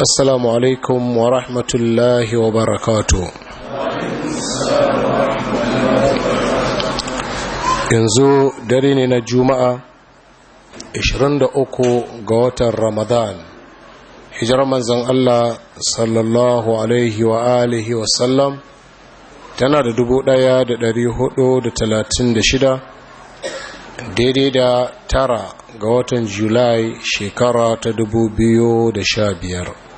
السلام عليكم ورحمة الله وبركاته yanzu dare ne na juma'a uku ga watan ramadan hijirar manzan Allah sallallahu alaihi wa alihi wasallam tana da da talatin shida, daidai da tara ga watan julai shekara ta biyu da biyar.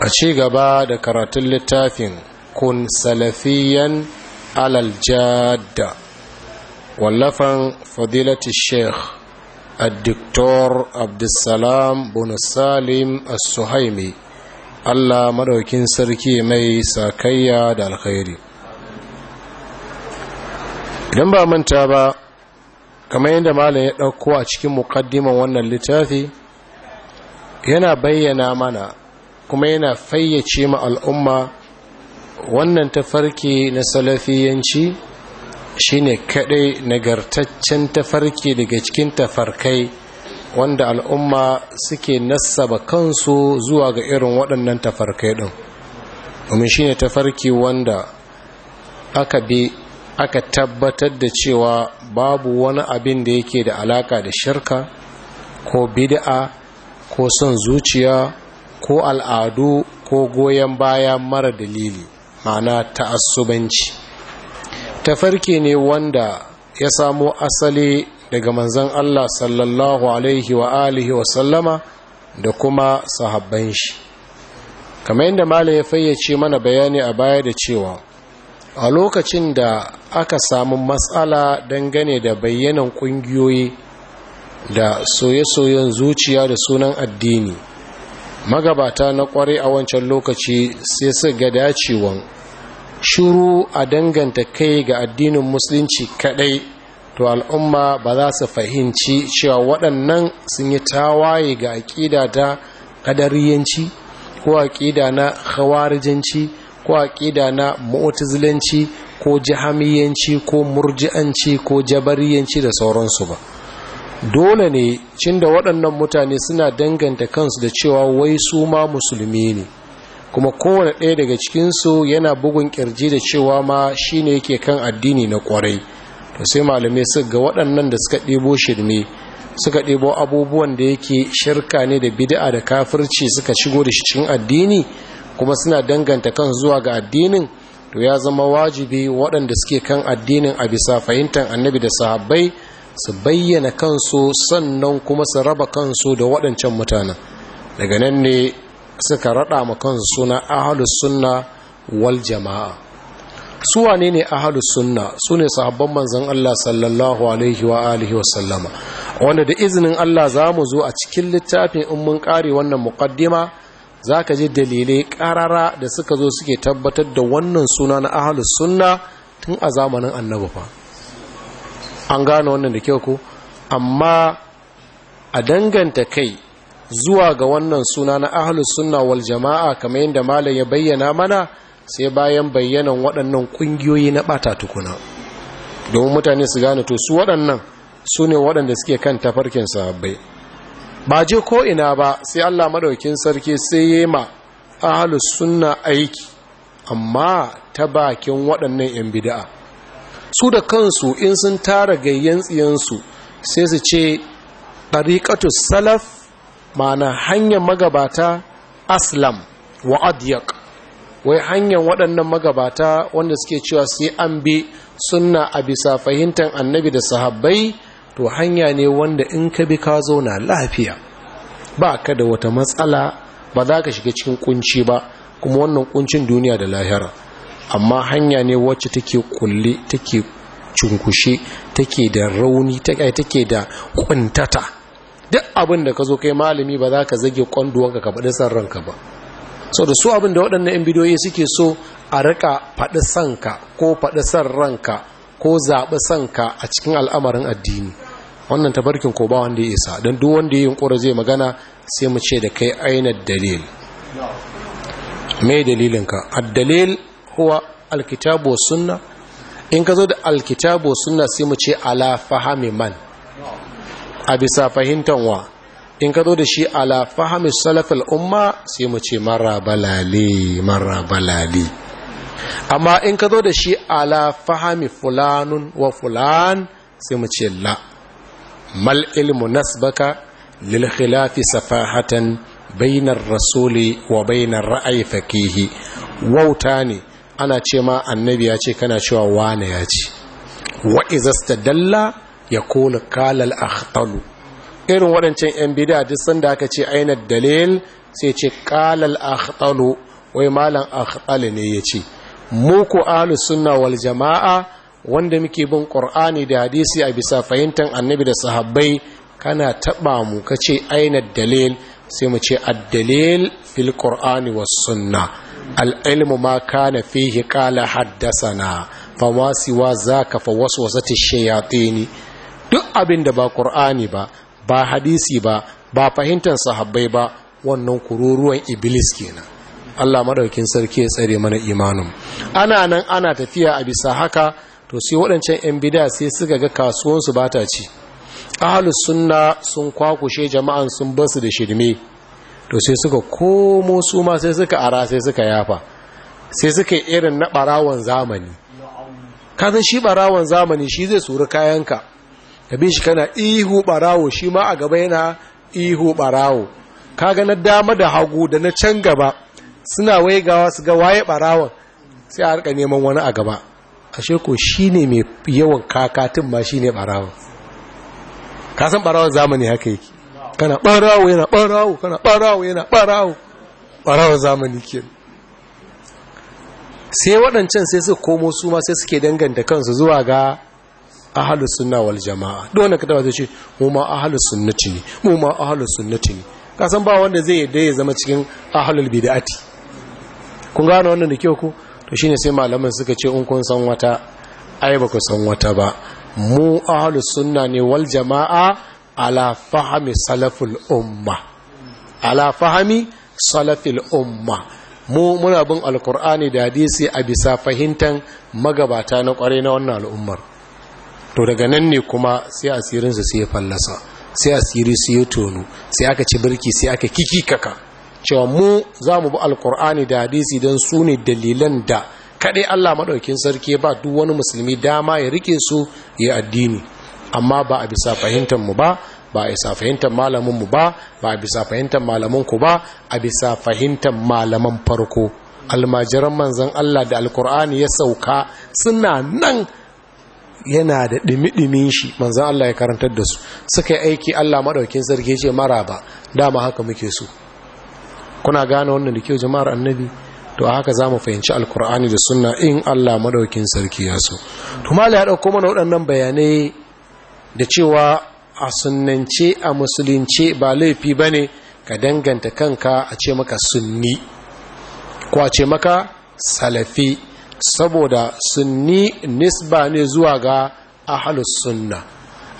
a ci gaba da karatun littafin kun salafiyan alal wallafan fadilati sheikh addiktor abdulsalam salim as-suhaimi allah madaukin sarki mai sakayya da alkhairi idan ba manta ba kamar yadda malam ya ɗauko a cikin muƙaddiman wannan littafi yana bayyana mana kuma yana fayyace ma al'umma wannan tafarki na salafiyanci shine kadai nagartaccen tafarki daga cikin tafarkai wanda al'umma suke nasaba kansu zuwa ga irin waɗannan tafarkai ɗin domin shine tafarki wanda aka bi aka tabbatar da cewa babu wani abin da yake da alaka da shirka ko bid'a ko son zuciya ko al'adu ko goyon baya mara dalili ma'ana ta'assubanci tafarki ne wanda ya samo asali daga manzan Allah sallallahu alaihi wa alihi wa sallama da kuma sahabban shi kamar yadda malam ya fayyace mana bayani a baya da cewa a lokacin da aka samu matsala dangane da bayyanan kungiyoyi da soye-soyen zuciya da sunan addini magabata na kware a wancan lokaci sai su ga dacewan shiru a danganta kai ga addinin musulunci kadai to al'umma ba za su fahimci cewa waɗannan sun yi tawaye ga aƙida ta ƙadariyanci ko aƙida na hawarijanci ko aƙida na mu'tazilanci ko jahamiyanci ko murji'anci ko jabariyanci da sauransu ba dole ne cin da waɗannan mutane suna danganta kansu da cewa wai su ma musulmi ne kuma kowane ɗaya daga cikinsu yana bugun ƙirji da cewa ma shi ne yake kan addini na ƙwarai to sai malamai su ga waɗannan da suka ɗebo shirme suka ɗebo abubuwan da yake shirka ne da bid'a da kafirci suka shigo da cikin addini kuma suna danganta kan zuwa ga addinin to ya zama wajibi waɗanda suke kan addinin a bisa fahimtar annabi da sahabbai su bayyana kansu sannan kuma su raba kansu da waɗancan mutanen daga nan ne suka raɗa ma kansu suna ahalus sunna wal jama'a su wane ne ahalus sunna su ne sahabban manzon Allah sallallahu alaihi wa alihi wa sallama wanda da izinin Allah za mu zo a cikin littafin in mun ƙare wannan muƙaddima, za ka ji dalilai ƙarara da suka zo suke tabbatar da wannan suna na ahalus sunna tun a zamanin annabi fa an gane wannan da kyau ku, amma a danganta kai zuwa ga wannan suna na ahlus sunna wal jama'a kamar yadda malam ya bayyana mana sai bayan bayyanan waɗannan ƙungiyoyi na ɓata tukuna domin mutane su gane to su waɗannan su ne waɗanda suke kan tafarkin sahabbai ba je ko'ina ba sai Allah madaukin sarki sai ya ma ahlus sunna aiki amma ta bakin waɗannan yan bid'a su da kansu in sun tara gayyan tsiyansu sai su ce ɗariƙatu salaf mana hanyar magabata aslam wa adyak wai hanyar waɗannan magabata wanda suke cewa sai an bi sunna a bisa fahimtar annabi da sahabbai to hanya ne wanda in ka bi ka zauna lafiya ba ka da wata matsala ba za ka shiga cikin kunci ba kuma wannan kuncin duniya da lahira amma hanya ne wacce take kulle take cunkushe take da rauni take da kuntata duk abin da ka zo kai malami ba za ka zage kwanduwanka ka faɗi san ranka ba so da su abin da waɗannan 'yan bidiyoyi suke so a rika faɗi sanka ko faɗi san ranka ko zaɓi sanka a cikin al'amarin addini wannan tabarkin ko ba wanda ya isa don duk wanda ya yi ƙura zai magana sai mu ce da kai ainihin dalil mai dalilinka dalil kowa alkitabu sunna in ka zo da alkitabu sunna sai mu ce ala fahami man a bisa fahimtan wa in ka zo da shi ala fahami salafin umma sai mu ce mara balali mara balali amma in ka zo da shi ala fahami fulanun wa fulan sai mu ce la mal ilmu nasbaka lil khilafi safahatan bainar rasuli wa bainar ra'ayi fakihi wauta ne ana ce ma annabi ya ce kana cewa wane ya ce wa izasta dalla ya kola kalal akhtalu irin waɗancan 'yan bida duk sanda aka ce aina dalil sai ce kalal akhtalu wai malam akhtali ne ya ce mu ku sunna wal jama'a wanda muke bin qur'ani da hadisi a bisa fahimtar annabi da sahabbai kana taba mu kace aina dalil sai mu ce ad-dalil fil qur'ani was sunnah al'ilmu ma kana fihi kala haddasana fa ma siwa zaka fa duk abin da ba qur'ani ba ba hadisi ba ba fahimtar sahabbai ba wannan kururuwan iblis kenan Allah madaukin sarki ya tsare mana imanin ana nan ana tafiya a bisa haka to sai waɗancan 'yan bida sai suka ga kasuwansu ba ta ci ahalus sunna sun kwakushe jama'an sun basu da shirme to sai suka komo su ma sai suka ara sai suka yafa sai suka irin na barawon zamani kasan shi barawon zamani shi zai suri kayanka ka bi shi kana ihu barawo shi ma a gaba yana ihu barawo kaga na dama da hagu da na can gaba suna waigawa su ga waye barawon sai a harka neman wani a gaba ashe ko ne mai yawan kakatin ma shi ne barawon kasan barawon zamani haka yake kana ɓarawo yana ɓarawo kana ɓarawo yana ɓarawo ɓarawo zamani ke sai waɗancan sai suka komo su ma sai suke danganta kansu zuwa ga ahalus sunna wal jama'a don ka taba ce mu ma ahalus sunnati ne mu ma ahalus sunnati ne kasan ba wanda zai yadda ya zama cikin ahalul bid'ati kun gane wannan da kyau ku to shine sai malaman suka ce in kun san wata ai ba ku san wata ba mu ahalus sunna ne wal jama'a ala fahami Salafin umma ala fahami salafil umma mu muna bin alkur'ani da hadisi a bisa fahimtan magabata na kware na wannan al'ummar to daga nan ne kuma sai asirinsu sai ya fallasa sai asiri su ya tonu sai aka ci birki sai aka kiki kaka cewa mu za mu bi alkur'ani da hadisi don su ne dalilan da kaɗai allah maɗaukin sarki ba duk wani musulmi dama ya rike su ya addini amma ba a bisa fahimtar mu ba ba a bisa fahimtar malamin mu ba ba a bisa fahimtar malamin ku ba a bisa fahimtar malaman farko almajiran manzon Allah da alkur'ani ya sauka suna nan yana da ɗimi-ɗimin shi manzan Allah ya karantar da su suka yi aiki Allah maɗaukin sarki ce mara ba dama haka muke so kuna gane wannan da kyau jama'ar annabi to a haka za mu fahimci alkur'ani da sunna in Allah maɗaukin sarki ya so to ya ɗauko mana waɗannan bayanai da cewa a sunnance a musulunce ba laifi ba ne ka danganta kanka a ce maka sunni ko a ce maka salafi saboda sunni nisba ne zuwa ga ahalus sunna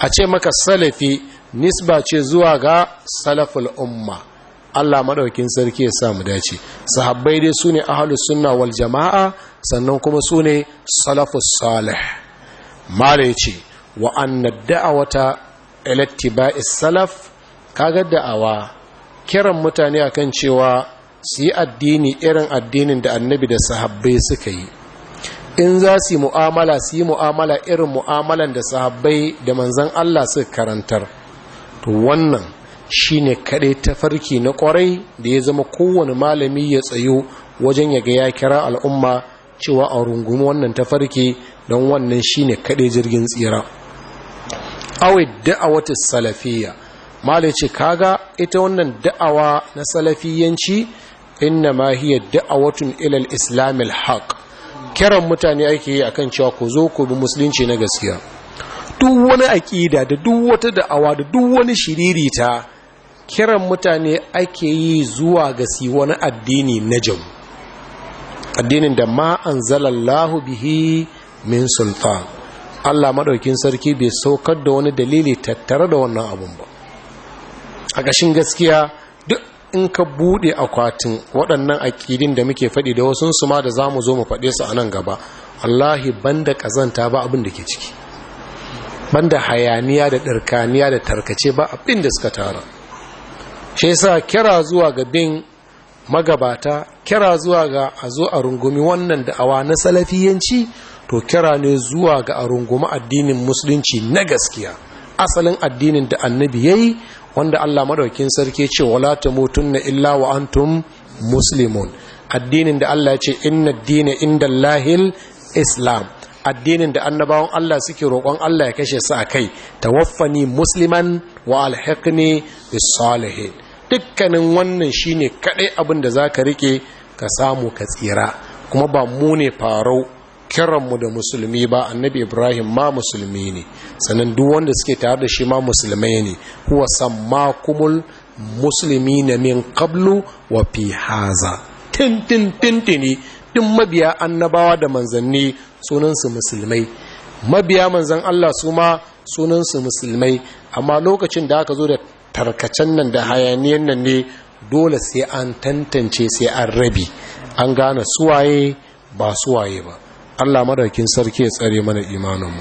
a ce maka salafi nisba ce zuwa ga salaful umma Allah maɗaukin sarki ya samu dace sahabbai dai su ne ahalus sunna wal jama'a sannan kuma su ne salafus salih malai ce wa annad da'awata ilattiba'i salaf kaga da'awa kiran mutane akan cewa su yi addini irin addinin da annabi da sahabbai suka yi in za su yi mu'amala su yi mu'amala irin mu'amalan da sahabbai da manzan Allah suka karantar to wannan shine kaɗai tafarki na kwarai da ya zama kowane malami ya tsayo wajen ya ga ya kira al'umma cewa a rungumi wannan tafarki don wannan shine kaɗai jirgin tsira awi da'awata salafiyya malai ce kaga ita wannan da'awa na salafiyanci inna ma hiya da'awatun ila al-islam haq kiran mutane ake yi akan cewa ku zo ku bi musulunci na gaskiya duk wani aqida da duk wata da'awa da duk wani shiriri ta kiran mutane ake yi zuwa ga si wani addini na jamu addinin da ma anzalallahu bihi min sultan Allah maɗaukin sarki bai saukar da wani dalili tattare da wannan abun ba a ƙashin gaskiya duk in ka buɗe akwatin waɗannan aƙidin da muke faɗi da wasu su ma da za mu zo mu faɗe su a nan gaba wallahi da ƙazanta ba abin da ke ciki ban da hayaniya da ɗarkaniya da tarkace ba abin da suka tara shi yasa kira zuwa ga bin magabata kira zuwa ga a zo a rungumi wannan da'awa na salafiyanci to kira ne zuwa ga a rungumi addinin musulunci na gaskiya asalin addinin da annabi yayi wanda Allah madaukin sarki ce wala na illa wa antum muslimun addinin da Allah ya ce inna dina inda lahil islam addinin da annabawan Allah suke roƙon Allah ya kashe su a kai waffani musliman wa alhiqni bis salihin dukkanin wannan shine kaɗai abin da za ka rike ka samu ka tsira kuma ba mu ne farau mu da musulmi ba annabi ibrahim ma musulmi ne sannan duk wanda suke tare da shi ma musulmai ne huwa kumul musulmi na min qablu wa fi haza tin ne duk mabiya annabawa da manzanni sunansu musulmai mabiya manzan Allah su ma sunansu musulmai amma lokacin da aka zo da tarkacen nan da hayaniyan nan ne dole sai an tantance sai an rabi an gane suwaye ba suwaye ba Allah madaukin sarki ya tsare mana imaninmu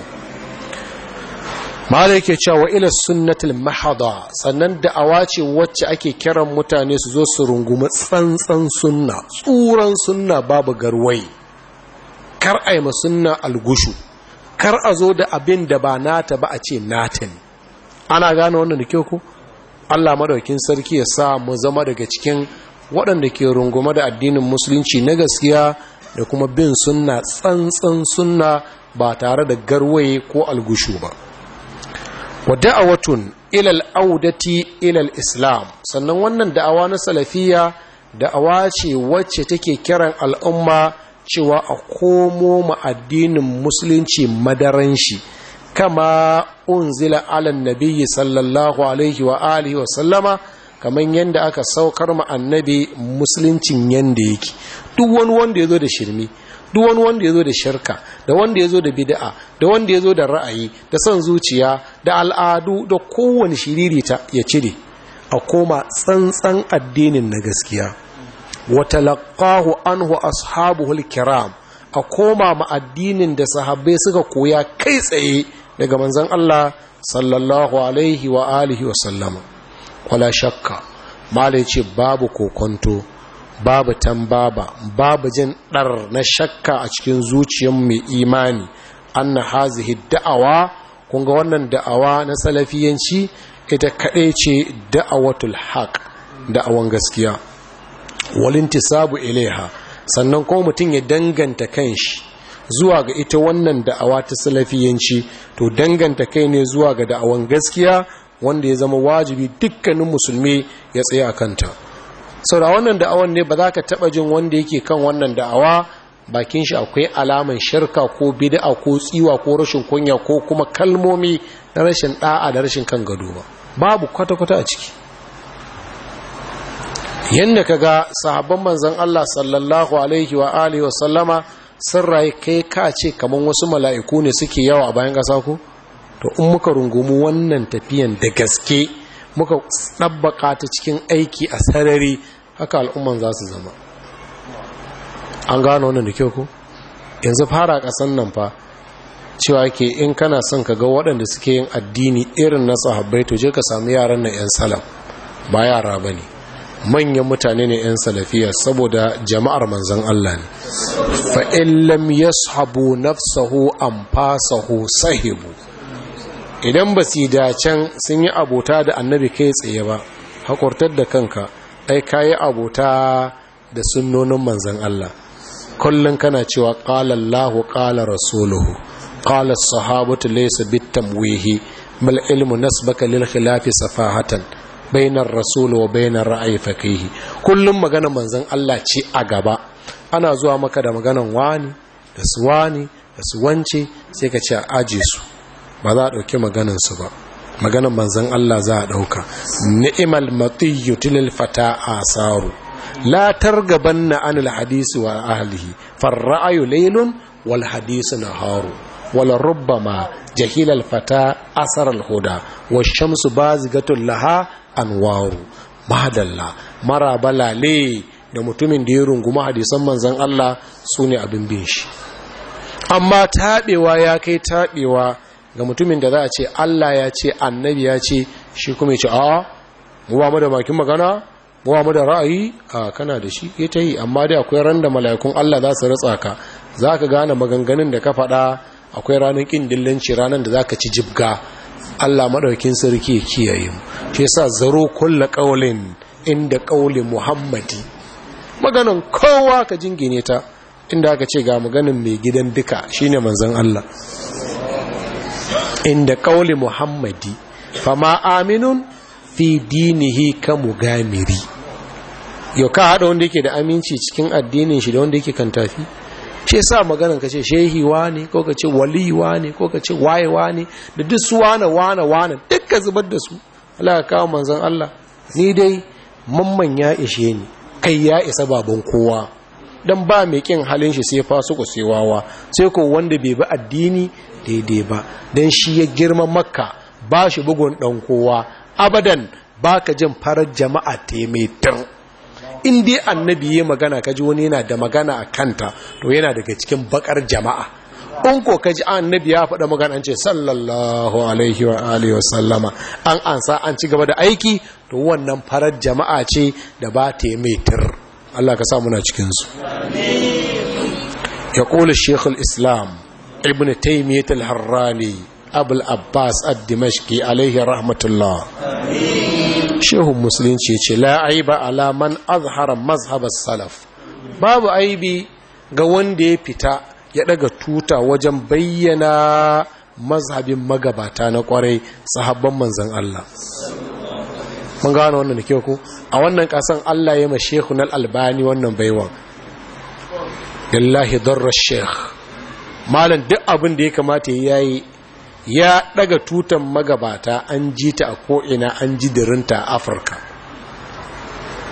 mu yake cewa wa ila sunnatul mahada sannan da'awa ce wacce ake kiran mutane su zo su rungumi tsantsan sunna tsuran sunna babu garwai kar a yi sunna algushu kar a zo da abin da ba nata ba a ce natin ana gane wannan da ku Allah madaukin sarki ya sa mu zama daga cikin waɗanda ke rungume da addinin musulunci na gaskiya da kuma bin sunna tsantsan sunna ba tare da garwaye ko algushu ba wa da'awatun ilal audati ilal islam sannan wannan da'awa na salafiya da'awa ce wacce take kiran al'umma cewa a komo ma'addinin musulunci madaran shi kama unzila alan Nabi, sallallahu alaihi wa alihi wa sallama kamar yadda aka saukar ma annabi musuluncin yadda yake duk wani wanda ya zo da shirmi duk wani wanda ya zo da shirka da wanda ya zo da bida'a da wanda ya zo da ra'ayi da son zuciya da al'adu da kowane ta ya cire a koma tsantsan addinin na gaskiya watalaqahu anhu ashabuhul kiram a koma ma addinin da sahabbai suka koya kai tsaye daga manzan Allah sallallahu alaihi wa alihi wa sallama kwala shakka mala ce babu kokonto babu tambaba babu jin ɗar na shakka a cikin zuciyar mai imani na hazihi da'awa kun wannan da'awa na salafiyanci ita kaɗai ce da'awatul haƙ da'awan gaskiya sabu ilaiha sannan ko mutum ya danganta kan shi zuwa ga ita wannan da'awa ta salafiyanci to danganta kai ne zuwa ga da'awan gaskiya wanda ya zama wajibi dukkanin musulmi ya tsaye a kanta da wannan da'awan ne ba za ka taba jin wanda yake kan wannan da'awa bakin shi akwai alaman shirka ko bida'a ko tsiwa ko rashin kunya ko kuma kalmomi na rashin da'a da rashin kan gado ba babu kwata-kwata a ciki Yadda ka ga sahabban manzan Allah sallallahu alaihi wa alihi wa sallama sun raye kai ka ce kaman wasu mala'iku ne suke yawa a bayan kasa ko to in muka rungumi wannan tafiyan da gaske muka tsabbaka ta cikin aiki a sarari haka al'umman za su zama an gano wannan da kyau ku? yanzu fara kasan nan fa cewa ke in kana son ka ga waɗanda suke yin addini irin na sahabbai to je ka samu yaran na 'yan salaf ba yara ba ne manyan mutane ne 'yan salafiya saboda jama'ar manzan Allah ne fa'in lam yashabu nafsahu an fasahu sahibu idan ba da dacen sun yi abota da annabi kai tsaye ba haƙurtar da kanka ai ka yi abota da sunnonin manzan Allah kullum kana cewa ƙalar lahu ƙalar rasuluhu ƙalar sahabatu laisa bittan wihi mal ilmu nasbaka lil khilafi safahatan bainar rasulu wa bainar ra'ayi fakihi kullum magana manzan Allah ce a gaba ana zuwa maka da maganan wani da su wani da su wance sai ka ce a aje su ba za a ɗauki maganansu ba maganan manzan Allah za a ɗauka ni'imal matiyu tilil fata asaru la targabanna anil hadisi wa ahlihi farra'ayu laylun wal hadisu naharu wal rubbama jahil al fata asar al huda wa shamsu bazigatul laha anwaru madalla mara balale da mutumin da ya runguma hadisan manzan Allah sune abin bin shi amma taɓewa ya kai taɓewa ga mutumin da za a ce Allah ya ce annabi ya ce shi kuma ya ce a mu mu da bakin magana mu mu da ra'ayi a kana da shi ya yi amma dai akwai ran da mala'ikun Allah za su ratsa ka za ka gane maganganun da ka faɗa akwai ranar ƙin dillanci ranar da za ka ci jibga Allah maɗaukin sarki ya kiyaye mu shi yasa zaro kulla ƙaulin inda ƙaulin muhammadi maganan kowa ka jingine ta inda aka ce ga maganin mai gidan duka shine manzon Allah inda ƙauli muhammadi fama aminun fi dinihi ka mugamiri yau ka haɗa wanda yake da aminci cikin addinin shi da wanda yake kan tafi ce sa maganan ka ce shehi ne ko ka ce wali ne ko ka ce waye ne da duk su wane wane wane dukka zubar da su Allah ka kawo manzon Allah ni dai mamman ya ishe ni kai ya isa baban kowa dan ba mai kin halin shi sai ku sai wawa sai ko wanda bai bi addini daidai ba dan shi ya girma makka ba shi bugun dan kowa abadan baka jin farar jama'a taimaitar in dai annabi ya magana kaji wani yana da magana a kanta to yana daga cikin bakar jama'a in ko kaji annabi ya faɗa magana an ce sallallahu alaihi wa alihi wa sallama an ansa an ci gaba da aiki to wannan farar jama'a ce da ba ta mai Allah ka sa muna cikinsu ya ƙola shekul islam ibn taimiyyat al-harrani abul abbas ad-dimashqi alaihi rahmatullah shehun musulunci ce la aiba ala man azhara mazhabar salaf babu aibi ga wanda ya fita ya daga tuta wajen bayyana mazhabin magabata na kwarai sahabban manzan Allah mun gano wannan da kyau ku a wannan kasan Allah ya ma shehu nan albani wannan baiwan yallahi darra shekh malam duk abin da ya kamata ya yi ya daga tutan magabata an ji ta a ko'ina an ji dirinta a afirka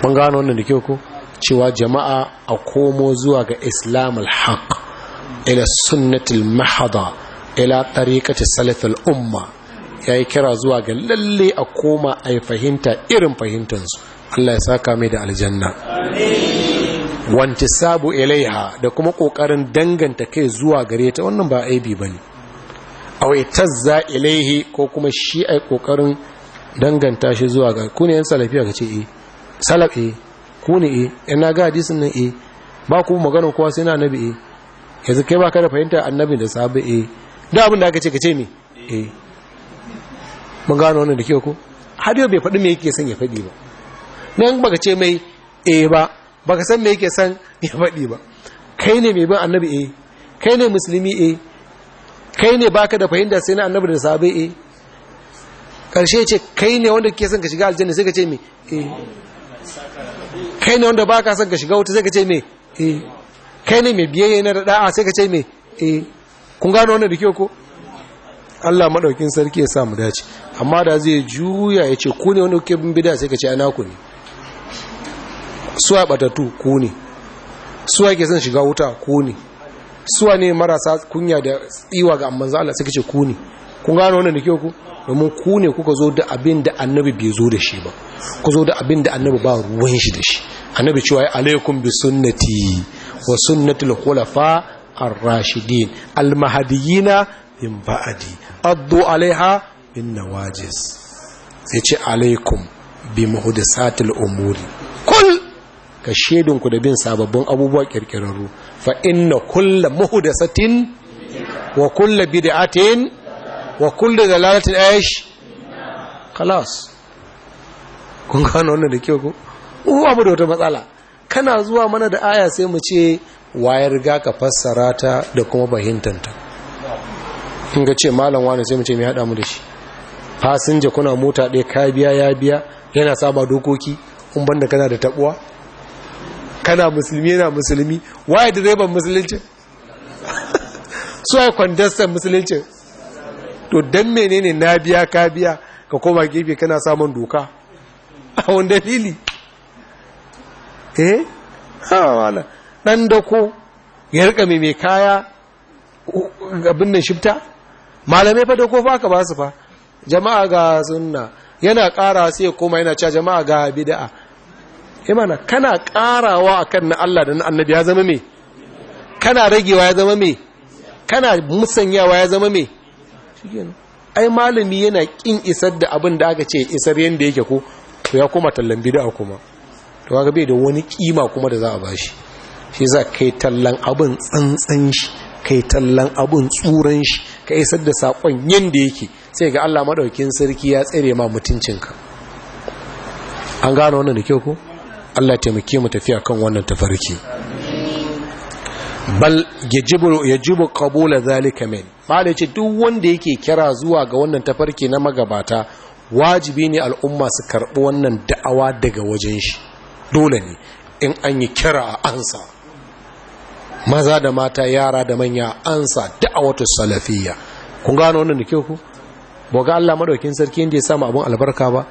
mun gano wannan da kyau ku cewa jama'a a komo zuwa ga islam alhaq ila sunnatul mahada ila tariqati salafil umma ya yi kira zuwa ga lalle a koma a yi fahimta irin fahimtansu Allah ya saka mai da aljanna wanti sabu ilaiha da kuma ƙoƙarin danganta kai zuwa gare ta wannan ba aibi ba ne a wai tazza ilaihi ko kuma shi a ƙoƙarin danganta shi zuwa ga ku ne yan salafiya ka ce e salaf e ku ne e eh, yana ga hadisin nan e ba ku maganin kowa sai na annabi e yanzu kai ba ka da fahimta annabi da sahabi e da abin da aka ce ka ce me eh mun gano wannan da ke ko har yau bai faɗi me yake son ya faɗi ba nan baka ce mai eh ba baka san me yake son ya faɗi ba kai ne mai bin annabi eh kai ne musulmi eh kai ne baka da fahimta sai na annabi da sahabbai eh karshe ce kai ne wanda ke son ka shiga aljanna sai ka ce me eh kai ne wanda baka son ka shiga wuta sai ka ce me eh kai ne mai biyayya na da'a sai ka ce me eh kun gano wannan da kyau ko Allah madaukin sarki ya sa mu dace amma da zai juya ya ce ku ne wani kuke bin bid'a sai ka ce ana ku ne suwa batatu ku ne suwa ke son shiga wuta ku ne suwa ne marasa kunya da tsiwa ga manzo Allah sai ka ce ku ne kun gano wannan da ke ku domin ku ne kuka zo da abin da annabi bai zo da shi ba ku zo da abin da annabi ba ruwan shi da shi annabi cewa ya alaikum bi sunnati wa sunnatul khulafa ar-rashidin al-mahdiyina min ba'di addu alaiha bin nawajis sai ce alaikum bi muhdisatil umuri kul ka ku da bin sababbin abubuwa kirkirarru fa inna kullu muhdisatin wa kullu bid'atin wa kullu dalalatin aish khalas kun gano wannan da kyau ko uwa abu da wata matsala kana zuwa mana da aya sai mu ce wayar ga ka fassara ta da kuma fahimtanta in ga ce malam wani sai mu ce mai haɗa mu da shi fasinja kuna mota ɗaya ka biya ya biya yana saba dokoki kun banda kana da tabuwa kana musulmi yana musulmi waye direban musulunci su ai musulunci to dan menene na biya ka biya ka koma gefe kana samun doka a wani dalili eh ha wala dan dako ya rika mai kaya abin nan shifta malamai fa da fa aka ba su fa jama'a ga sunna yana ƙara sai koma yana cewa jama'a ga bid'a imana eh kana ƙarawa akan na Allah da na annabi ya zama me kana ragewa ya zama me kana musanyawa ya zama me ai malami yana kin isar da abin da aka ce isar yanda yake ko to ya koma tallan bid'a kuma to kaga bai da wani kima kuma da za a bashi shi za kai tallan abin tsantsan shi kai tallan abun tsuran shi ka isar da sakon da yake sai ga Allah maɗaukin sarki ya tsere ma mutuncinka an gano wannan da kyau ko Allah taimake mu tafiya kan wannan tafarki bal ya yajibu qabula zalika min malai duk wanda yake kira zuwa ga wannan tafarki na magabata wajibi ne al'umma su karɓi wannan da'awa daga wajen shi dole ne in an yi kira a ansa maza da mata yara da manya ansa da'awatu salafiyya kun gano wannan da ku ba ga Allah madaukin sarki inda ya samu abun albarka ba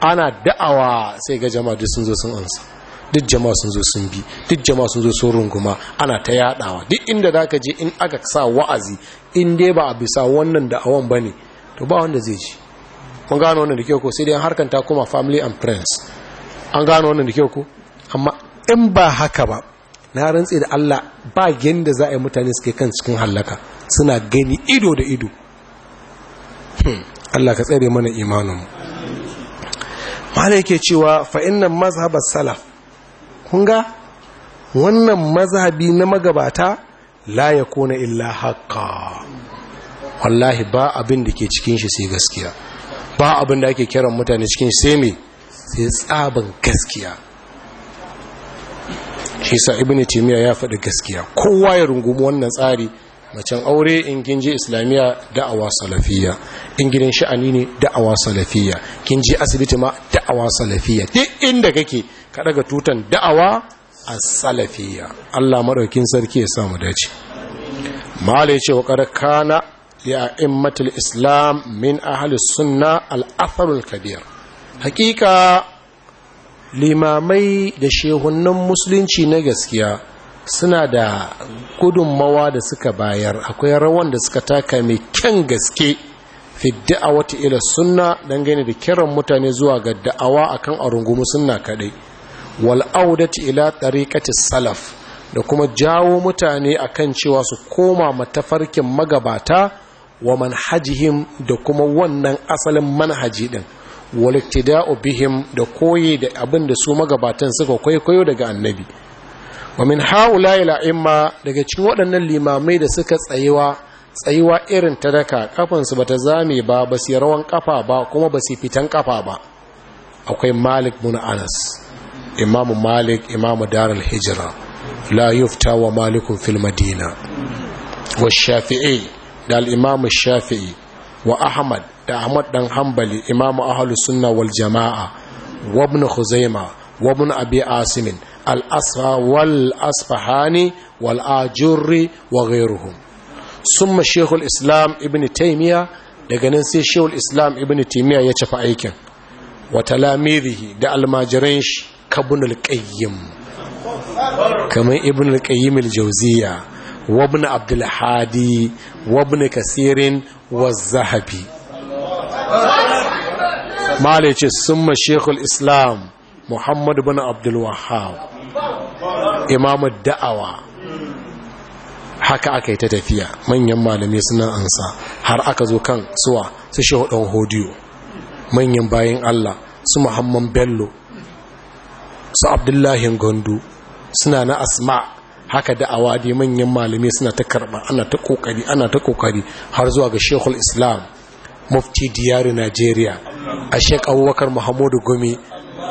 ana da'awa sai ga jama'a duk sun zo sun ansa duk jama'a sun zo sun bi duk jama'a sun zo sun runguma ana ta yadawa duk inda zaka je in aka sa wa'azi in dai ba a bisa wannan da'awan bane to ba wanda zai ji kun gano wannan da kyau ko sai dai harkan ta kuma family and friends an gano wannan da kyau ko amma in ba haka ba na rantse da Allah ba yadda za a yi mutane suke kan cikin hallaka suna gani ido da ido hmm, Allah ka tsere mana imaninmu mahala yake cewa fa'innan mazhabar salaf kunga wannan mazhabi na magabata la ya kona illa haka wallahi ba abin da ke cikin shi sai gaskiya ba abin da ake kiran mutane cikin sai mai sai tsabin gaskiya shi sa ibn timiya ya faɗi gaskiya kowa ya rungumi wannan tsari macen aure in kin je islamiyya da'awa salafiyya in ginin sha'ani ne da'awa salafiyya kin je asibiti ma da'awa salafiyya duk inda kake kaɗa ga tutan da'awa a salafiyya Allah madaukin sarki ya samu dace mala ce wa qad kana li a'immatil islam min ahli sunna al kabir hakika limamai da shehunan musulunci na gaskiya suna da gudunmawa da suka bayar akwai rawan da suka taka mai kyan gaske fi da'awati ila sunna dangane da kiran mutane zuwa ga da'awa akan arungumu sunna kadai wal audati ila tariqati salaf da kuma jawo mutane akan cewa su koma matafarkin magabata wa manhajihim da kuma wannan asalin manhaji din walittida'u bihim da koyi da abin da su magabatan suka kwaikwayo daga annabi wa min haula ila imma daga cikin waɗannan limamai da suka tsayewa tsayewa irin ta daka kafansu bata zame ba ba su rawan kafa ba kuma ba su fitan kafa ba akwai malik bin anas imamu malik imamu darul hijira la yufta wa malikun fil madina wa shafi'i da imamu shafi'i wa ahmad da ahmad dan hanbali imamu ahlus sunna wal jama'a wa ibn khuzaima wa ibn abi asim al asra wal asfahani wal ajurri wa ghayruhum summa shaykhul islam ibn taymiya daga nan sai shaykhul islam ibn taymiya ya cafa aikin wa talamirihi da almajiran shi kabunul qayyim kamar ibn al-qayyim al-jawziya wa ibn abdul hadi wa ibn kasirin wa zahabi male ce ma shekul islam muhammad bin abdul imamu da'awa haka aka yi ta tafiya manyan malamai suna ansa har aka zo kan suwa su shi ɗan hodiyo manyan bayan allah su muhammad bello su abdullahi gondo suna na asma haka da'awa dai manyan malamai suna ta karba ana ta kokari ana ta ƙoƙari har zuwa ga shekul islam mufti diyarin najeriya a shek wakar muhammadu gumi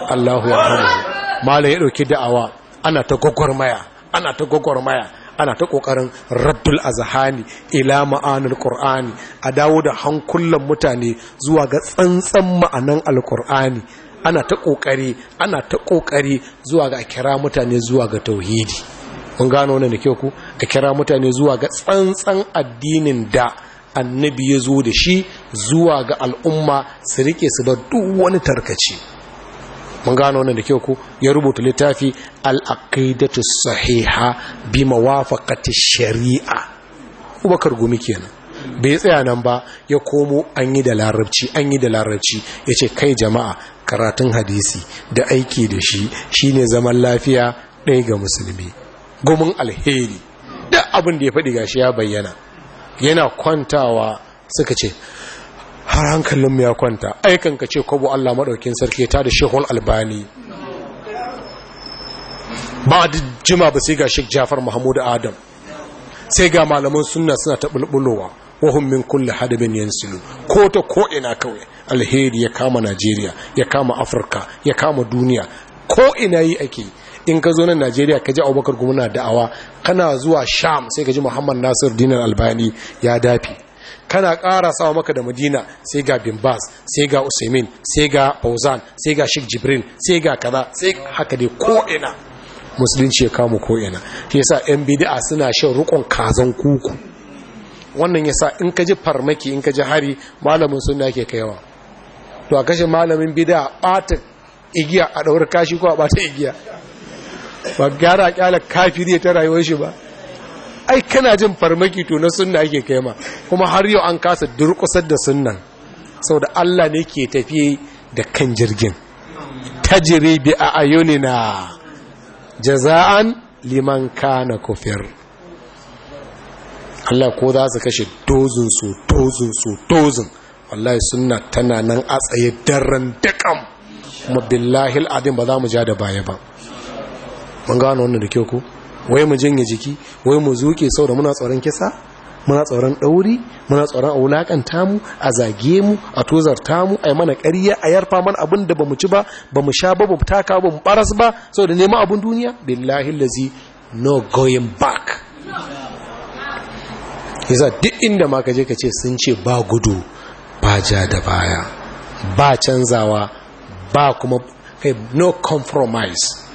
allahu arhamu mala ya ɗauki da'awa ana ta gwagwarmaya ana ta gwagwarmaya ana ta ƙoƙarin raddul azhani ila ma'anul qur'ani a dawo da hankulan mutane zuwa ga tsantsan ma'anan alqur'ani ana ta ƙoƙari ana ta ƙoƙari zuwa ga kira mutane zuwa ga tauhidi kun gano wannan da kyau ku a kira mutane zuwa ga tsantsan addinin da annabi ya zo da shi zuwa ga al'umma su rike su ba duk wani tarkaci mun gano wannan da kyau ko ya rubuta littafi al-aqidatu sahiha bi mawafaqati shari'a ubakar Gumi kenan bai tsaya nan ba ya komo an yi da larabci an yi da larabci ya ce kai jama'a karatun hadisi da aiki da shi shine zaman lafiya ɗaya ga musulmi gumin alheri da abin da ya faɗi gashi ya bayyana yana kwantawa suka ce har hankalinmu ya kwanta aikan ka ce kwabo Allah maɗaukin sarki ta da shehun albani ba da jima ba sai ga shek jafar mahmud adam sai ga malaman suna suna ta bulbulowa wahun min kulle hadabin yansilu ko ta ko kawai alheri ya kama najeriya ya kama afirka ya kama duniya ko ina yi ake in ka zo nan najeriya ka ji abubakar kuma na da'awa kana zuwa sham sai ka ji muhammad nasir dinar albani ya dafi kana kara sawa maka da madina sai ga bin bas sai ga usaimin sai ga bauzan sai ga shik jibrin sai ga kaza sai haka dai ko'ina musulunci ya kama ko'ina ke yasa yan bidi'a suna shan rukun kazan kuku wannan yasa in ka ji farmaki in ka ji hari malamin sunna ke kaiwa to a kashe malamin bidi'a bata igiya a daura kashi ko a bata igiya ba gara a kyala kafiri ta rayuwar shi ba ai kana jin farmaki to na sunna ake kaima kuma har yau an kasa durkusar da sunnan saboda Allah ne ke tafi da kan jirgin tajiri bi a ayyunina. jaza'an liman kana kufir Allah ko za su kashe dozin su dozin su dozin wallahi sunna tana nan a tsaye daren dakam kuma billahi al'adin ba za mu ja da baya ba mun gano wannan da kyau ku? wai mu janye jiki wai mu zuke saboda muna tsoron kisa muna tsoron ɗauri muna tsoron a wulaƙanta mu a zage mu a tozarta mu a yi mana ƙarya a yarfa mana abin da ba mu ci ba Bamu sha ba ba taka ba mu baras ba saboda nema abin duniya billahi lazi no going back yasa duk inda ma ka je ka ce sun ce ba gudu ba ja da baya ba canzawa ba kuma no compromise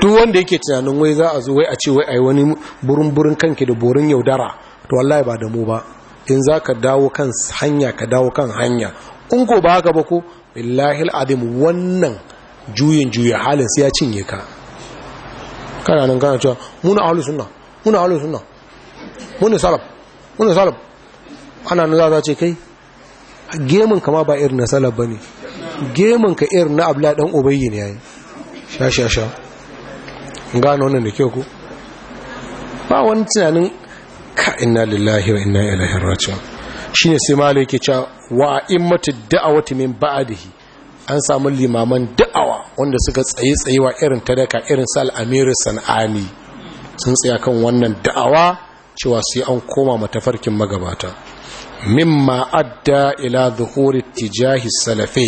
duk wanda yake tunanin wai za a zo wai a ce wai ai wani burin burin kanki da borin yaudara to wallahi ba da mu ba in za ka dawo kan hanya ka dawo kan hanya in ko ba haka ba ko billahi al'adim wannan juyin juya halin sai ya cinye ka kana nan kana cewa muna ahlus sunna muna ahlus sunna muna salaf muna salaf ana nan za ta ce kai gemin ma ba irin na salaf bane gemin ka irin na abla dan ubayyin yayi sha sha sha gano wannan da kyau ku ba wani tunanin ka inna lillahi wa inna ilaihi raji'un shine sai malai yake cewa wa immatu da'awati min ba'dihi an samu limaman da'awa wanda suka tsaye tsayewa irin tadaka irin sal amiru sanani sun tsaya kan wannan da'awa cewa sai an koma matafarkin magabata mimma adda ila zuhuri tijahi salafi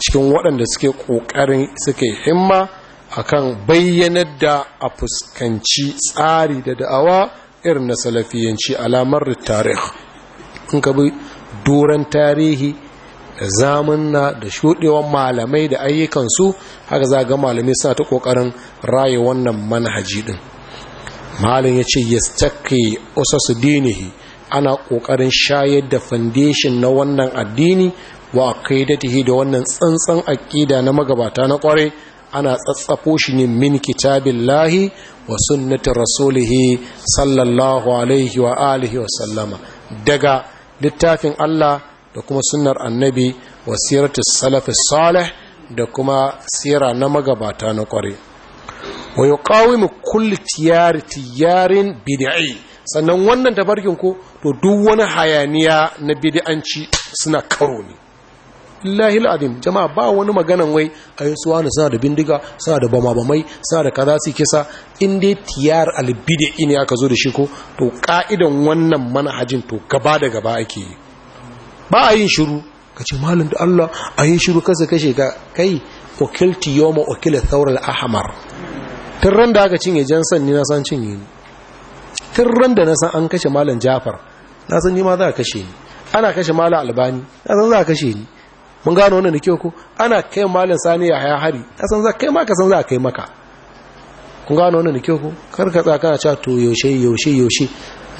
cikin waɗanda suke ƙoƙarin suke himma akan bayyanar da a fuskanci tsari da da'awa irin na salafiyanci alamar tarih in ka bi doron tarihi da zamanna da shuɗewar malamai da ayyukansu haka za ga malamai sa ta ƙoƙarin raye wannan manhaji ɗin malin ya ce yastake usasu dinihi ana ƙoƙarin shayar da foundation na wannan addini wa kaidatihi da wannan tsantsan aƙida na magabata na kware ana tsatsafo shi ne min kitabillahi wa sunnati rasulihi sallallahu alaihi wa alihi wa sallama daga littafin Allah da kuma sunnar annabi wa siratu salafi salih da kuma sira na magabata na kware wa yuqawimu kulli tiyari tiyarin bid'i sannan wannan tabarkin ko to duk wani hayaniya na bid'anci suna karo ne lillahi al'adim jama'a ba wani maganan wai a yi suwa da suna da bindiga suna da bama-bamai suna da kaza su kisa in dai tiyar albidi ne aka zo da shi ko to ka'idan wannan manhajin to gaba da gaba ake yi ba a yin shiru ka ce malin da Allah a yin shiru kasa kashe ka kai wakilti yoma wakilin thaurar ahamar tun ran da aka cinye jansan ni na san cinye ni tun ran da na san an kashe malin jafar na san ni ma za a kashe ni ana kashe malin albani na san za a kashe ni mun gano wannan da kyau ku? ana kai malin sani ya haya hari san za kai ma san za a kai maka kun gano wannan da kyau ku? kar ka tsaka a cewa to yaushe yaushe yaushe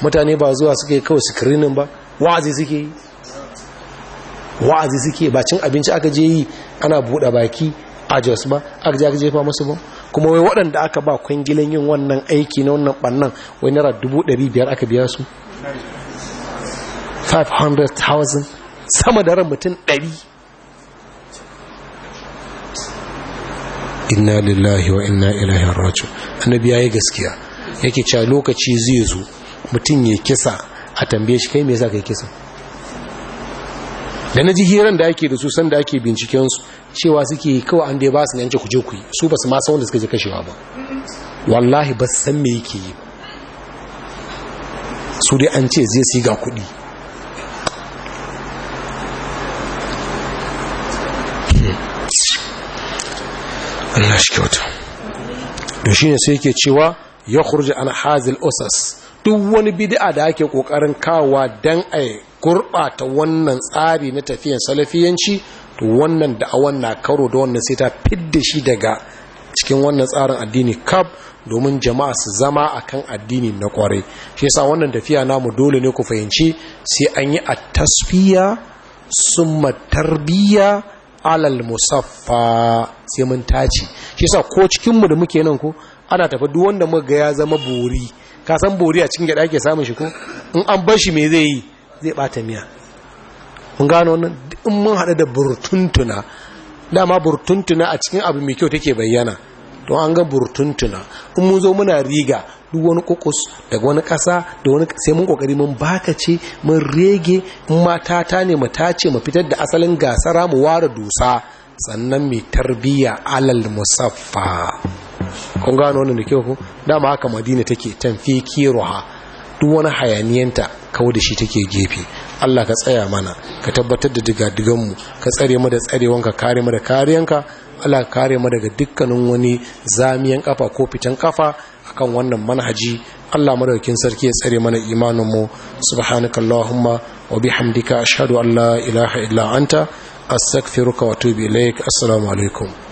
mutane ba zuwa suke kawai screening ba wa'azi suke yi wa'azi suke ba cin abinci aka je yi ana buɗe baki a jos ba aka je aka jefa musu ba kuma wai waɗanda aka ba kwangilan yin wannan aiki na wannan ɓannan wai nara dubu ɗari biyar aka biya su 500,000 sama da ran mutum ɗari inna lillahi wa inna ilaihi raji'un annabi yayi gaskiya yake cewa lokaci zai zo mutum ya kisa a tambaye shi kai me yasa kai kisa da naji hiran da ake da su san da ake binciken su cewa suke kawai an dai ba su yanci ku je ku yi su ba su ma san wanda suka je kashewa ba wallahi ba san me yake yi su dai an ce zai siga kuɗi Allah shi kyauta to shine sai yake cewa ya khurja an hazil usas duk wani bid'a da ake kokarin kawa dan a gurbata wannan tsari na tafiyan salafiyanci to wannan da'awan na karo da wannan sai ta fidda shi daga cikin wannan tsarin addini kab domin jama'a su zama a kan addini na kwarai shi yasa wannan tafiya namu dole ne ku fahimci sai an yi at-tasfiya summa tarbiyya alal musaffa sai mun tace shi yasa ko cikin mu da muke nan ko ana tafi duk wanda muka ga ya zama bori ka san bori a cikin gida ake samun shi ko in an bar shi me zai yi zai bata miya mun gano wannan in mun hada da burtuntuna dama burtuntuna a cikin abu mai kyau take bayyana don an ga burtuntuna in mun zo muna riga duk wani kokos daga wani kasa da wani sai mun kokari mun baka ce mun rege in ma ne mu tace mu fitar da asalin gasara mu ware dusa sannan mai tarbiyya alal musaffa kun gano wannan da kyau ku dama haka madina take tanfi kiruha duk wani hayaniyanta kawo da shi take gefe Allah ka tsaya mana ka tabbatar da mu ka tsare mu da tsarewanka kare mu da kariyanka Allah kare mu daga dukkanin wani zamiyan kafa ko fitan kafa akan wannan manhaji Allah madaukin sarki ya tsare mana imanin mu subhanakallahumma wa bihamdika ashhadu an la ilaha illa anta astaghfiruka wa atubu ilaik assalamu alaikum